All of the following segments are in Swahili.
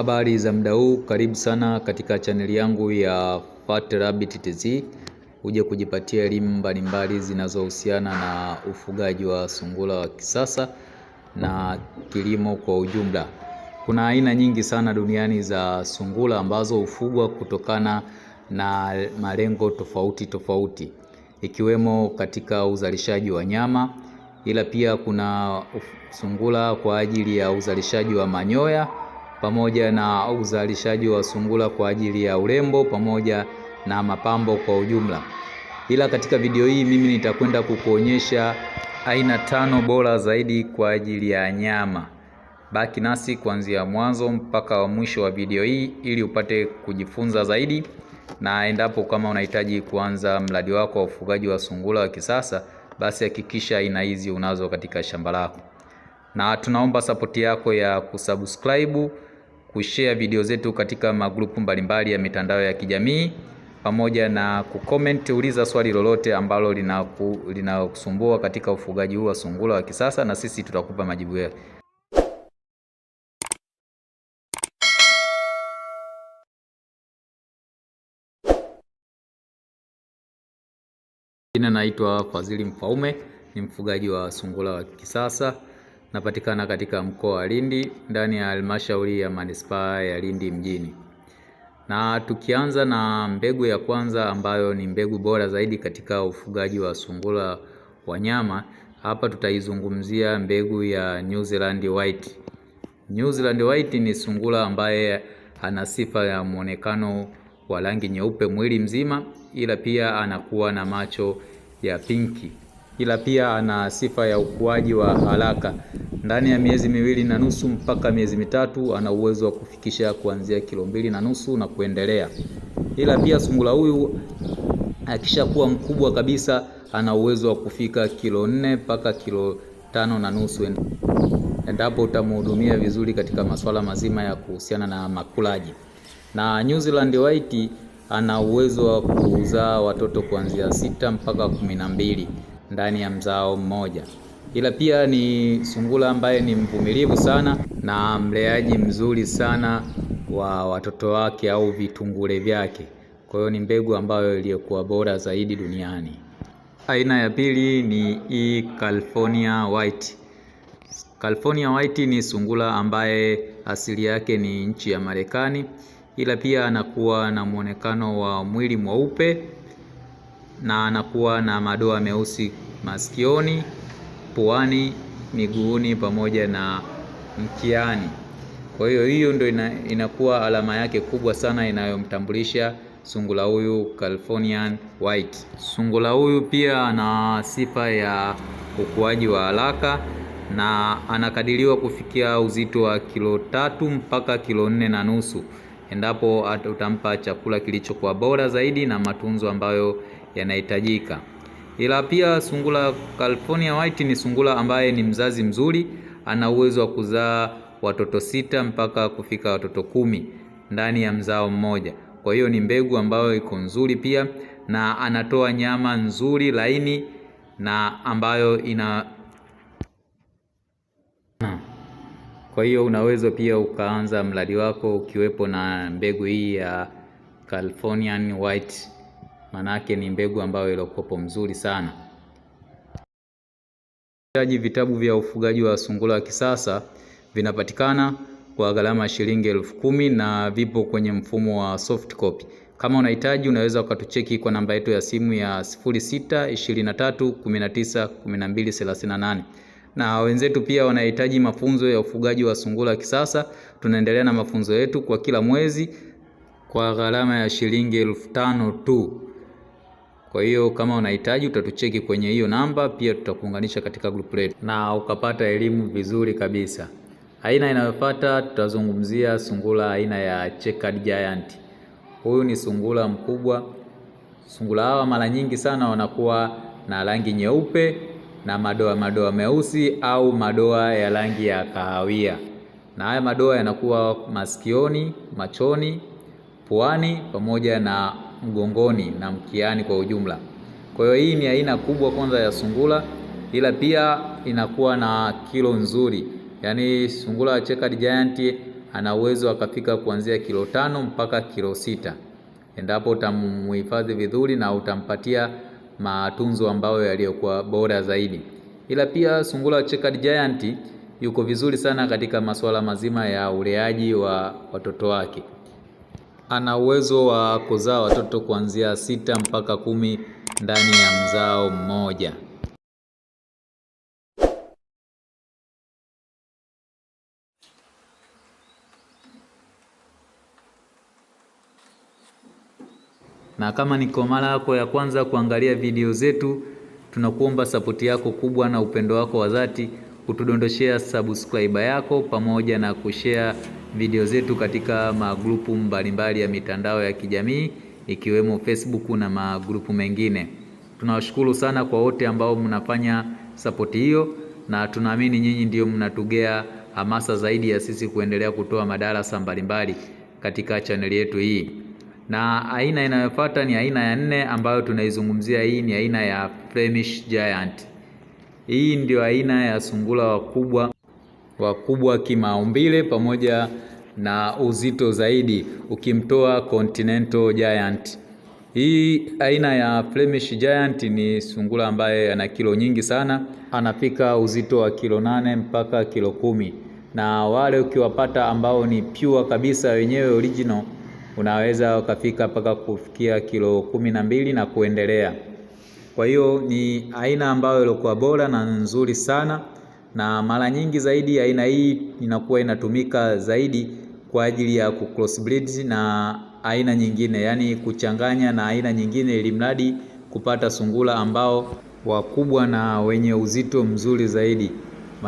Habari za muda huu, karibu sana katika chaneli yangu ya Fat Rabbit TZ uje kujipatia elimu mbalimbali zinazohusiana na ufugaji wa sungura wa kisasa na kilimo kwa ujumla. Kuna aina nyingi sana duniani za sungura ambazo hufugwa kutokana na malengo tofauti tofauti, ikiwemo katika uzalishaji wa nyama, ila pia kuna sungura kwa ajili ya uzalishaji wa manyoya pamoja na uzalishaji wa sungura kwa ajili ya urembo pamoja na mapambo kwa ujumla. Ila katika video hii mimi nitakwenda kukuonyesha aina tano bora zaidi kwa ajili ya nyama. Baki nasi kuanzia mwanzo mpaka wa mwisho wa video hii ili upate kujifunza zaidi, na endapo kama unahitaji kuanza mradi wako wa ufugaji wa sungura wa kisasa, basi hakikisha aina hizi unazo katika shamba lako, na tunaomba sapoti yako ya kusubscribe kushare video zetu katika magrupu mbalimbali ya mitandao ya kijamii pamoja na kucomment, uliza swali lolote ambalo linakusumbua lina katika ufugaji huu wa sungura wa kisasa, na sisi tutakupa majibu yake. Jina naitwa Fazili Mfaume, ni mfugaji wa sungura wa kisasa napatikana katika mkoa wa Lindi ndani ya halmashauri ya manispaa ya Lindi mjini. Na tukianza na mbegu ya kwanza ambayo ni mbegu bora zaidi katika ufugaji wa sungura wa nyama, hapa tutaizungumzia mbegu ya New Zealand White. New Zealand White ni sungura ambaye ana sifa ya muonekano wa rangi nyeupe mwili mzima, ila pia anakuwa na macho ya pinki ila pia ana sifa ya ukuaji wa haraka. Ndani ya miezi miwili na nusu mpaka miezi mitatu ana uwezo wa kufikisha kuanzia kilo mbili na nusu na kuendelea. Ila pia sungura huyu akishakuwa mkubwa kabisa ana uwezo wa kufika kilo nne mpaka kilo tano na nusu endapo utamhudumia vizuri katika masuala mazima ya kuhusiana na makulaji. Na New Zealand White ana uwezo wa kuzaa watoto kuanzia sita mpaka kumi na mbili ndani ya mzao mmoja. Ila pia ni sungura ambaye ni mvumilivu sana na mleaji mzuri sana wa watoto wake au vitungule vyake. Kwa hiyo ni mbegu ambayo iliyokuwa bora zaidi duniani. Aina ya pili ni E California White. California White ni sungura ambaye asili yake ni nchi ya Marekani, ila pia anakuwa na muonekano wa mwili mweupe na anakuwa na madoa meusi masikioni, puani, miguuni pamoja na mkiani. Kwa hiyo hiyo ndio ina, inakuwa alama yake kubwa sana inayomtambulisha sungura huyu Californian White. Sungura huyu pia ana sifa ya ukuaji wa haraka na anakadiriwa kufikia uzito wa kilo tatu mpaka kilo nne na nusu endapo utampa chakula kilichokuwa bora zaidi na matunzo ambayo yanahitajika. Ila pia sungula California White ni sungula ambaye ni mzazi mzuri, ana uwezo wa kuzaa watoto sita mpaka kufika watoto kumi ndani ya mzao mmoja. Kwa hiyo ni mbegu ambayo iko nzuri pia, na anatoa nyama nzuri laini na ambayo ina kwa hiyo unaweza pia ukaanza mradi wako ukiwepo na mbegu hii ya Californian White. Manake ni mbegu ambayo iliokopo mzuri sana. Hitaji vitabu vya ufugaji wa sungura wa kisasa vinapatikana kwa gharama ya shilingi elfu kumi na vipo kwenye mfumo wa soft copy. Kama unahitaji unaweza ukatucheki kwa namba yetu ya simu ya 0623191238. Na wenzetu pia wanahitaji mafunzo ya ufugaji wa sungura kisasa, tunaendelea na mafunzo yetu kwa kila mwezi kwa gharama ya shilingi elfu tano tu. Kwa hiyo kama unahitaji utatucheki kwenye hiyo namba, pia tutakuunganisha katika grupu letu na ukapata elimu vizuri kabisa. Aina inayofuata tutazungumzia sungura aina ya checkered giant. Huyu ni sungura mkubwa. Sungura hawa mara nyingi sana wanakuwa na rangi nyeupe na madoa madoa meusi au madoa ya rangi ya kahawia, na haya madoa yanakuwa masikioni, machoni, puani pamoja na mgongoni na mkiani kwa ujumla. Kwa hiyo hii ni aina kubwa kwanza ya sungura, ila pia inakuwa na kilo nzuri, yaani sungura wa checkered giant ana uwezo akafika kuanzia kilo tano mpaka kilo sita endapo utamhifadhi vizuri na utampatia matunzo ambayo yaliyokuwa bora zaidi. Ila pia sungura wa checkered giant yuko vizuri sana katika masuala mazima ya uleaji wa watoto wake ana uwezo wa kuzaa watoto kuanzia sita mpaka kumi ndani ya mzao mmoja. Na kama kwa mara yako ya kwanza kuangalia video zetu, tunakuomba sapoti yako kubwa na upendo wako wa dhati, utudondoshea subscriber yako pamoja na kushare video zetu katika magrupu mbalimbali ya mitandao ya kijamii ikiwemo Facebook na magrupu mengine. Tunawashukuru sana kwa wote ambao mnafanya sapoti hiyo, na tunaamini nyinyi ndio mnatugea hamasa zaidi ya sisi kuendelea kutoa madarasa mbalimbali katika chaneli yetu hii. Na aina inayofuata ni aina ya nne ambayo tunaizungumzia. Hii ni aina ya Flemish Giant. Hii ndio aina ya sungura wakubwa wakubwa kimaumbile pamoja na uzito zaidi ukimtoa Continental Giant. Hii aina ya Flemish Giant ni sungura ambaye ana kilo nyingi sana, anafika uzito wa kilo nane mpaka kilo kumi na wale ukiwapata ambao ni pure kabisa wenyewe original unaweza ukafika mpaka kufikia kilo kumi na mbili na kuendelea. Kwa hiyo ni aina ambayo ilikuwa bora na nzuri sana na mara nyingi zaidi aina hii inakuwa inatumika zaidi kwa ajili ya kucrossbreed na aina nyingine, yaani kuchanganya na aina nyingine, ili mradi kupata sungura ambao wakubwa na wenye uzito mzuri zaidi.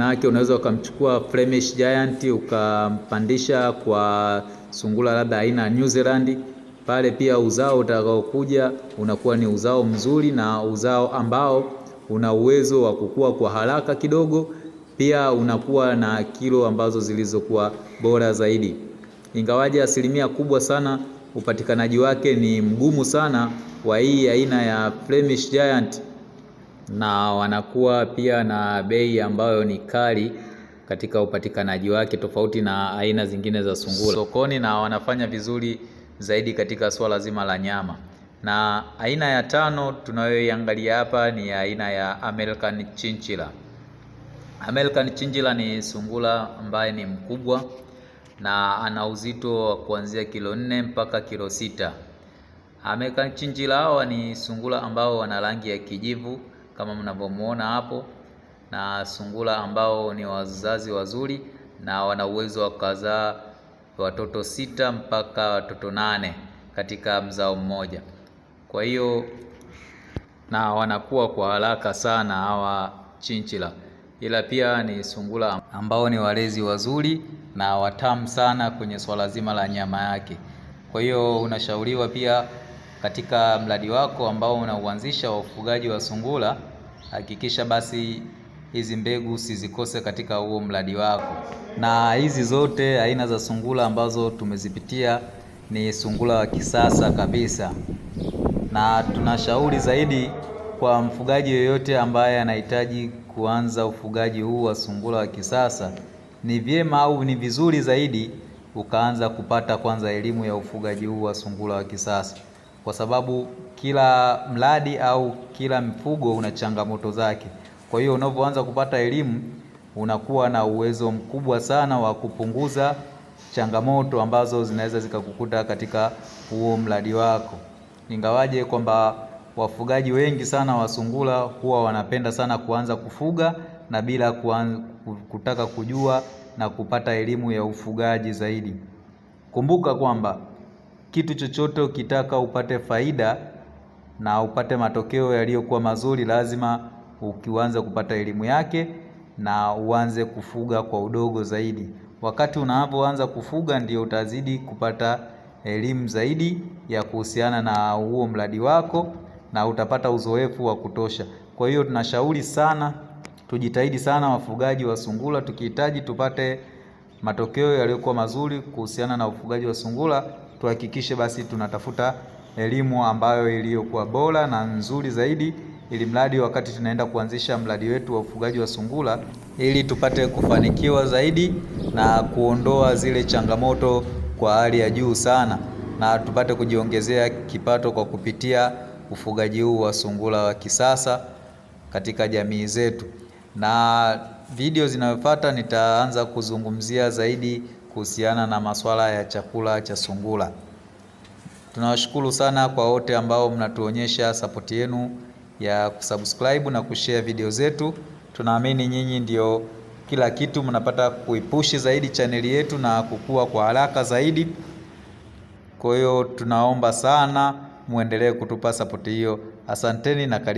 yake unaweza ukamchukua Flemish Giant ukampandisha kwa sungura labda aina New Zealand, pale pia uzao utakaokuja unakuwa ni uzao mzuri na uzao ambao una uwezo wa kukua kwa haraka kidogo pia unakuwa na kilo ambazo zilizokuwa bora zaidi, ingawaje asilimia kubwa sana upatikanaji wake ni mgumu sana wa hii aina ya Flemish Giant, na wanakuwa pia na bei ambayo ni kali katika upatikanaji wake tofauti na aina zingine za sungura sokoni, na wanafanya vizuri zaidi katika swala zima la nyama. Na aina ya tano tunayoiangalia hapa ni aina ya American Chinchilla. American chinjila ni sungura ambaye ni mkubwa na ana uzito wa kuanzia kilo nne mpaka kilo sita. American chinjila hawa ni sungura ambao wana rangi ya kijivu kama mnavyomuona hapo, na sungura ambao ni wazazi wazuri na wana uwezo wa kuzaa watoto sita mpaka watoto nane katika mzao mmoja. Kwa hiyo na wanakuwa kwa haraka sana hawa chinchila ila pia ni sungura ambao ni walezi wazuri na watamu sana kwenye swala zima la nyama yake. Kwa hiyo unashauriwa pia katika mradi wako ambao unauanzisha wa ufugaji wa sungura, hakikisha basi hizi mbegu usizikose katika huo mradi wako. Na hizi zote aina za sungura ambazo tumezipitia ni sungura wa kisasa kabisa, na tunashauri zaidi kwa mfugaji yeyote ambaye anahitaji kuanza ufugaji huu wa sungura wa kisasa, ni vyema au ni vizuri zaidi ukaanza kupata kwanza elimu ya ufugaji huu wa sungura wa kisasa, kwa sababu kila mradi au kila mfugo una changamoto zake. Kwa hiyo unapoanza kupata elimu unakuwa na uwezo mkubwa sana wa kupunguza changamoto ambazo zinaweza zikakukuta katika huo mradi wako, ingawaje kwamba wafugaji wengi sana wa sungura huwa wanapenda sana kuanza kufuga na bila kuanza, kutaka kujua na kupata elimu ya ufugaji zaidi. Kumbuka kwamba kitu chochote ukitaka upate faida na upate matokeo yaliyokuwa mazuri, lazima ukianza kupata elimu yake na uanze kufuga kwa udogo zaidi. Wakati unapoanza kufuga, ndio utazidi kupata elimu zaidi ya kuhusiana na huo mradi wako na utapata uzoefu wa kutosha. Kwa hiyo tunashauri sana, tujitahidi sana wafugaji wa sungura, tukihitaji tupate matokeo yaliyokuwa mazuri kuhusiana na ufugaji wa sungura, tuhakikishe basi tunatafuta elimu ambayo iliyokuwa bora na nzuri zaidi, ili mradi wakati tunaenda kuanzisha mradi wetu wa ufugaji wa sungura, ili tupate kufanikiwa zaidi na kuondoa zile changamoto kwa hali ya juu sana, na tupate kujiongezea kipato kwa kupitia ufugaji huu wa sungura wa kisasa katika jamii zetu. Na video zinayofuata nitaanza kuzungumzia zaidi kuhusiana na masuala ya chakula cha sungura. Tunawashukuru sana kwa wote ambao mnatuonyesha sapoti yenu ya kusubscribe na kushare video zetu. Tunaamini nyinyi ndio kila kitu, mnapata kuipushi zaidi chaneli yetu na kukua kwa haraka zaidi. Kwa hiyo tunaomba sana muendelee kutupa sapoti hiyo. Asanteni na karibu.